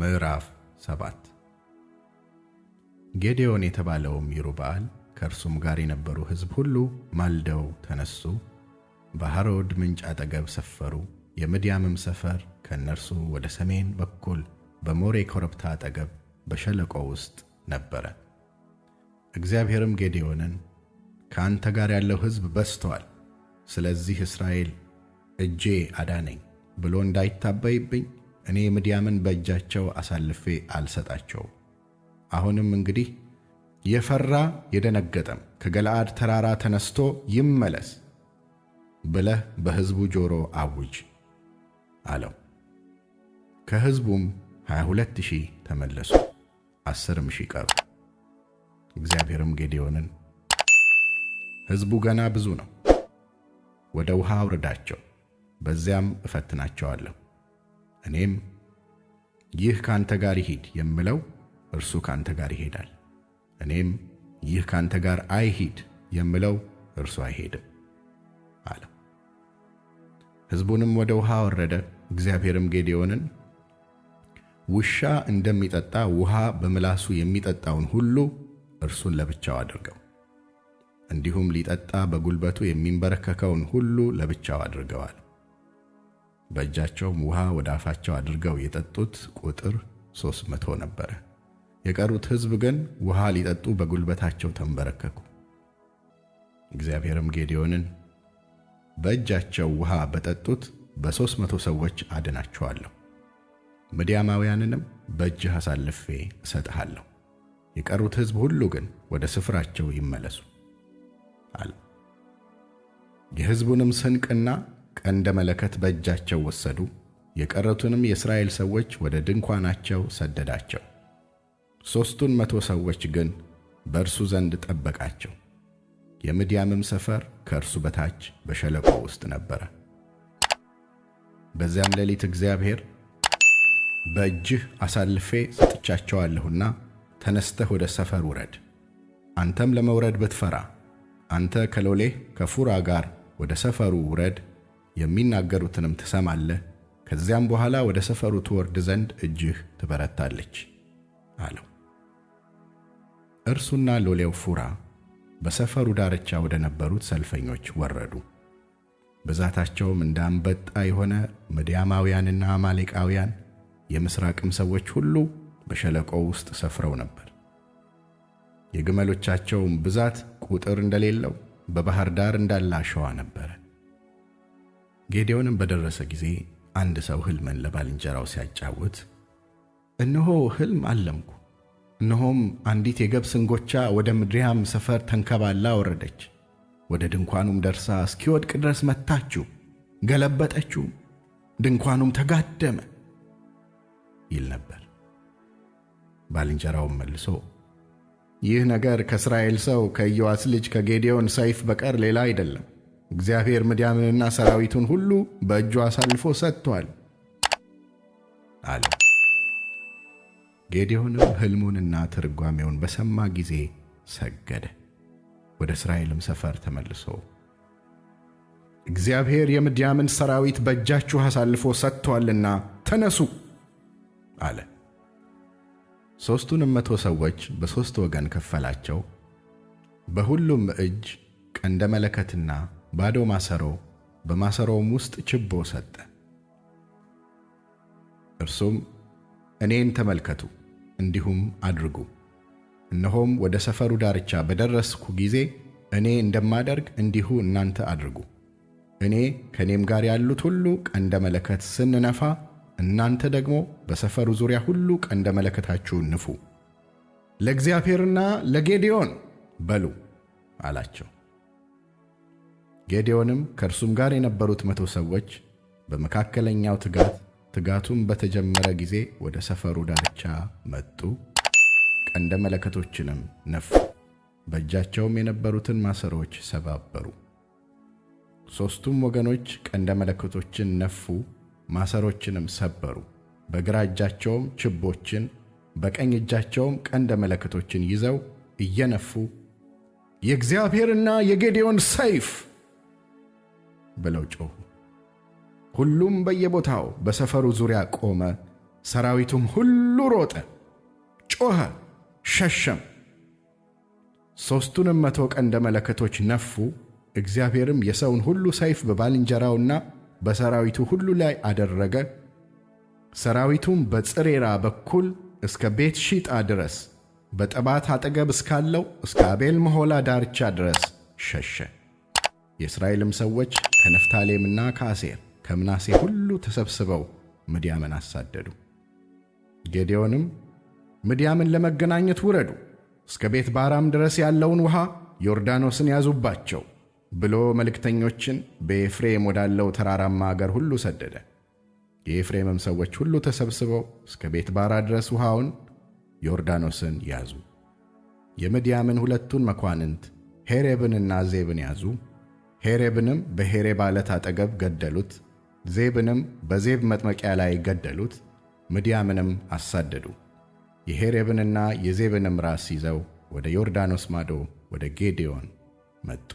ምዕራፍ 7 ጌዴዎን የተባለውም ይሩበኣል ከእርሱም ጋር የነበሩ ሕዝብ ሁሉ ማልደው ተነሱ፣ በሐሮድ ምንጭ አጠገብ ሰፈሩ። የምድያምም ሰፈር ከእነርሱ ወደ ሰሜን በኩል በሞሬ ኮረብታ አጠገብ በሸለቆ ውስጥ ነበረ። እግዚአብሔርም ጌዴዎንን ከአንተ ጋር ያለው ሕዝብ በዝቶአል፣ ስለዚህ እስራኤል እጄ አዳነኝ ብሎ እንዳይታበይብኝ እኔ ምድያምን በእጃቸው አሳልፌ አልሰጣቸውም። አሁንም እንግዲህ የፈራ የደነገጠም ከገለዓድ ተራራ ተነስቶ ይመለስ ብለህ በሕዝቡ ጆሮ አውጅ አለው። ከሕዝቡም ሃያ ሁለት ሺህ ተመለሱ፣ አስርም ሺህ ቀሩ። እግዚአብሔርም ጌዴዎንን ሕዝቡ ገና ብዙ ነው፣ ወደ ውሃ አውርዳቸው፣ በዚያም እፈትናቸዋለሁ እኔም ይህ ካንተ ጋር ይሂድ የምለው እርሱ ካንተ ጋር ይሄዳል። እኔም ይህ ካንተ ጋር አይሂድ የምለው እርሱ አይሄድም አለ። ሕዝቡንም ወደ ውሃ አወረደ። እግዚአብሔርም ጌዴዎንን ውሻ እንደሚጠጣ ውሃ በምላሱ የሚጠጣውን ሁሉ እርሱን ለብቻው አድርገው፣ እንዲሁም ሊጠጣ በጉልበቱ የሚንበረከከውን ሁሉ ለብቻው አድርገዋል። በእጃቸውም ውሃ ወደ አፋቸው አድርገው የጠጡት ቁጥር ሦስት መቶ ነበረ። የቀሩት ሕዝብ ግን ውሃ ሊጠጡ በጉልበታቸው ተንበረከኩ። እግዚአብሔርም ጌዴዎንን በእጃቸው ውሃ በጠጡት በሦስት መቶ ሰዎች አድናቸዋለሁ፣ ምድያማውያንንም በእጅህ አሳልፌ እሰጥሃለሁ፣ የቀሩት ሕዝብ ሁሉ ግን ወደ ስፍራቸው ይመለሱ አለ። የሕዝቡንም ስንቅና ቀንደ መለከት በእጃቸው ወሰዱ። የቀረቱንም የእስራኤል ሰዎች ወደ ድንኳናቸው ሰደዳቸው። ሦስቱን መቶ ሰዎች ግን በእርሱ ዘንድ ጠበቃቸው። የምድያምም ሰፈር ከእርሱ በታች በሸለቆ ውስጥ ነበረ። በዚያም ሌሊት እግዚአብሔር በእጅህ አሳልፌ ሰጥቻቸዋለሁና ተነስተህ ወደ ሰፈር ውረድ፣ አንተም ለመውረድ ብትፈራ አንተ ከሎሌህ ከፉራ ጋር ወደ ሰፈሩ ውረድ የሚናገሩትንም ትሰማለህ። ከዚያም በኋላ ወደ ሰፈሩ ትወርድ ዘንድ እጅህ ትበረታለች አለው። እርሱና ሎሌው ፉራ በሰፈሩ ዳርቻ ወደ ነበሩት ሰልፈኞች ወረዱ። ብዛታቸውም እንደ አንበጣ የሆነ ምድያማውያንና አማሌቃውያን የምሥራቅም ሰዎች ሁሉ በሸለቆው ውስጥ ሰፍረው ነበር። የግመሎቻቸውም ብዛት ቁጥር እንደሌለው በባሕር ዳር እንዳለ አሸዋ ነበረ። ጌዴዎንም በደረሰ ጊዜ አንድ ሰው ሕልምን ለባልንጀራው ሲያጫውት፣ እነሆ ሕልም አለምኩ፣ እነሆም አንዲት የገብስ እንጎቻ ወደ ምድሪያም ሰፈር ተንከባላ ወረደች፣ ወደ ድንኳኑም ደርሳ እስኪወድቅ ድረስ መታችው፣ ገለበጠችው፣ ድንኳኑም ተጋደመ ይል ነበር። ባልንጀራውም መልሶ ይህ ነገር ከእስራኤል ሰው ከኢዮአስ ልጅ ከጌዴዎን ሰይፍ በቀር ሌላ አይደለም እግዚአብሔር ምድያምንና ሰራዊቱን ሁሉ በእጁ አሳልፎ ሰጥቷል አለ። ጌዴዎንም ሕልሙንና ትርጓሜውን በሰማ ጊዜ ሰገደ። ወደ እስራኤልም ሰፈር ተመልሶ እግዚአብሔር የምድያምን ሰራዊት በእጃችሁ አሳልፎ ሰጥቶአልና ተነሱ አለ። ሦስቱንም መቶ ሰዎች በሦስት ወገን ከፈላቸው፣ በሁሉም እጅ ቀንደ መለከትና ባዶ ማሰሮ፣ በማሰሮውም ውስጥ ችቦ ሰጠ። እርሱም እኔን ተመልከቱ እንዲሁም አድርጉ፣ እነሆም ወደ ሰፈሩ ዳርቻ በደረስኩ ጊዜ እኔ እንደማደርግ እንዲሁ እናንተ አድርጉ። እኔ ከእኔም ጋር ያሉት ሁሉ ቀንደ መለከት ስንነፋ እናንተ ደግሞ በሰፈሩ ዙሪያ ሁሉ ቀንደ መለከታችሁ ንፉ፣ ለእግዚአብሔርና ለጌዲዮን በሉ አላቸው። ጌዴዎንም ከእርሱም ጋር የነበሩት መቶ ሰዎች በመካከለኛው ትጋት ትጋቱም በተጀመረ ጊዜ ወደ ሰፈሩ ዳርቻ መጡ። ቀንደ መለከቶችንም ነፉ፣ በእጃቸውም የነበሩትን ማሰሮዎች ሰባበሩ። ሦስቱም ወገኖች ቀንደ መለከቶችን ነፉ፣ ማሰሮችንም ሰበሩ። በግራ እጃቸውም ችቦችን፣ በቀኝ እጃቸውም ቀንደ መለከቶችን ይዘው እየነፉ የእግዚአብሔርና የጌዴዎን ሰይፍ ብለው ጮኹ። ሁሉም በየቦታው በሰፈሩ ዙሪያ ቆመ። ሰራዊቱም ሁሉ ሮጠ፣ ጮኸ፣ ሸሸም። ሦስቱንም መቶ ቀንደ መለከቶች ነፉ። እግዚአብሔርም የሰውን ሁሉ ሰይፍ በባልንጀራውና በሰራዊቱ ሁሉ ላይ አደረገ። ሰራዊቱም በጽሬራ በኩል እስከ ቤት ሺጣ ድረስ በጠባት አጠገብ እስካለው እስከ አቤል መሆላ ዳርቻ ድረስ ሸሸ። የእስራኤልም ሰዎች ከነፍታሌምና ከአሴር ከምናሴ ሁሉ ተሰብስበው ምድያምን አሳደዱ። ጌዴዎንም ምድያምን ለመገናኘት ውረዱ፣ እስከ ቤት ባራም ድረስ ያለውን ውሃ ዮርዳኖስን ያዙባቸው ብሎ መልእክተኞችን በኤፍሬም ወዳለው ተራራማ አገር ሁሉ ሰደደ። የኤፍሬምም ሰዎች ሁሉ ተሰብስበው እስከ ቤት ባራ ድረስ ውሃውን ዮርዳኖስን ያዙ። የምድያምን ሁለቱን መኳንንት ሄሬብንና ዜብን ያዙ። ሄሬብንም በሄሬብ ዓለት አጠገብ ገደሉት። ዜብንም በዜብ መጥመቂያ ላይ ገደሉት። ምድያምንም አሳደዱ። የሄሬብንና የዜብንም ራስ ይዘው ወደ ዮርዳኖስ ማዶ ወደ ጌዴዮን መጡ።